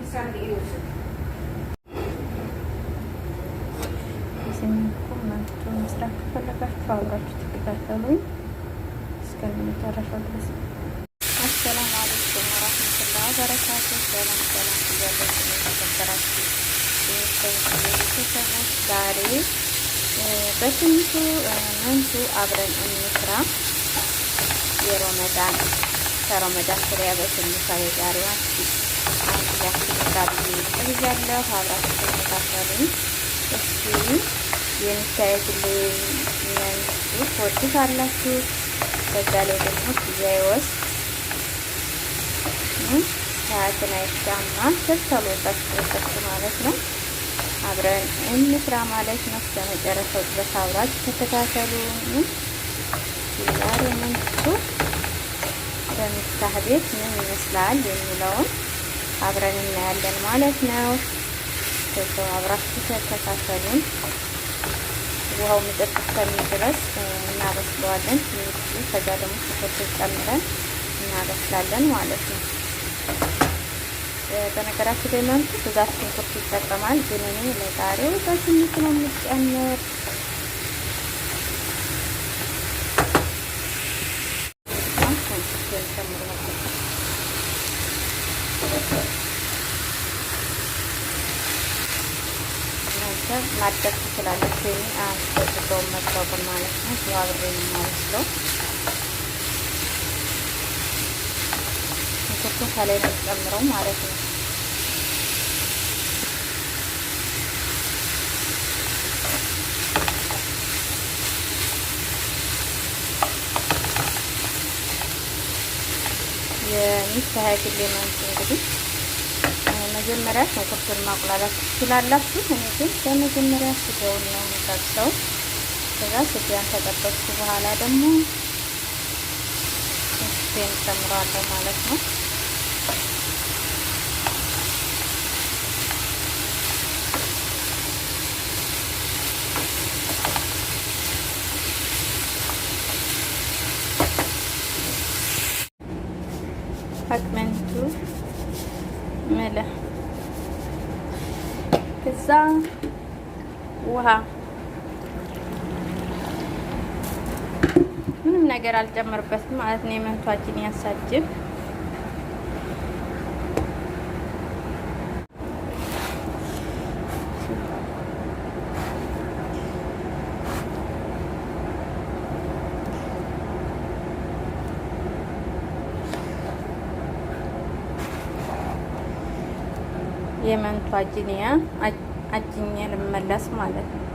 መቶ መስራት ከፈለጋችሁ አብራችሁ ትከታተሉኝ እስከ መጨረሻው ድረስ። አሰላሙ አለይኩም ወራህመቱላሂ ወበረካቱ። ሰላም ሰላም እያላችሁ የተከበራችሁ ቤተሰቦች ዛሬ በትንሹ መንቱ አብረን እንስራ የረመዳን ከረመዳን ፍሬያ በትንሿ የዛሬዋ ይዛችሁ ጣብዬ እያለሁ አብራችሁ ተከታተሉኝ። እስኪ የምታዩትልኝ መንሱ ወዱት አላችሁ። በዛ ላይ ደግሞ ጊዜዎስ ሰዓትን አይሻማ ስልተሎ ወጣችሁ ማለት ነው። አብረን እንስራ ማለት ነው። እስከ መጨረሻው ድረስ አብራችሁ ተከታተሉኝ። ዛሬ መንሱ በሚፍታህ ቤት ምን ይመስላል የሚለውን አብረን እናያለን ማለት ነው። ሰው አብራችሁ ተከታተሉን። ውሃው ምጥጥ እስከሚል ድረስ እናበስለዋለን። ከዛ ደግሞ ሽንኩርት ጨምረን እናበስላለን ማለት ነው። በነገራችሁ ላይ መምጡ ብዛት ሽንኩርት ይጠቀማል፣ ግን እኔ ለዛሬው በትንሽ ነው የምጨምር ቤተሰብ ማድረግ ትችላለች። ወይም አስፈልገው መታወቅን ማለት ነው። ዋብሬ የሚያመስለው ሽንኩርቱ ከላይ ነው ጨምረው ማለት ነው። የሚስተሀያ ኪሎ ነው እንግዲህ መጀመሪያ ሽንኩርቱን ማቁላላት ትችላላችሁ። እኔ ግን በመጀመሪያ ስጋውን ነው የሚጠብሰው። ከዛ ስጋን ከጠበስኩ በኋላ ደግሞ ሽንኩርቴን ጨምረዋለሁ ማለት ነው። አቅመንቱ መለ ከዛ ውሃ ምንም ነገር አልጨምርበትም ማለት ነው። የመንቷችን ያሳጅብ የመንቱ አጅንያ አጅኛ ልመለስ ማለት ነው።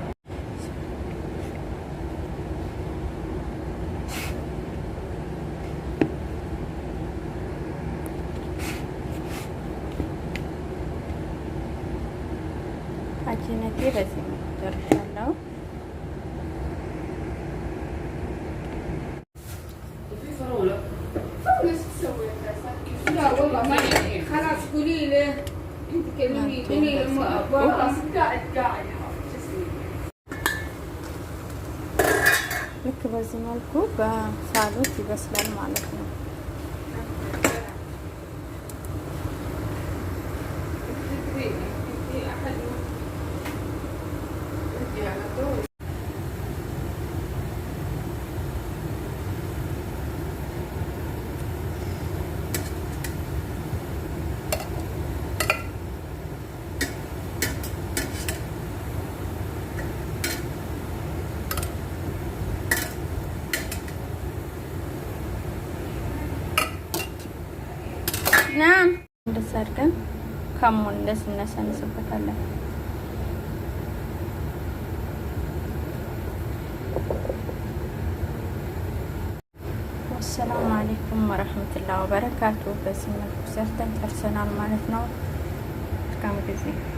አጅነቴ በዚህ ደርሻለሁ። ልክ በዚህ መልኩ በሳሎት ይበስላል ማለት ነው። መልካም መሆን እንደስ እናሳንስበታለን። አሰላሙ አሌይኩም ወረህመቱላህ ወበረካቱ። በዚህ መልኩ ሰርተን ጨርሰናል ማለት ነው። መልካም ጊዜ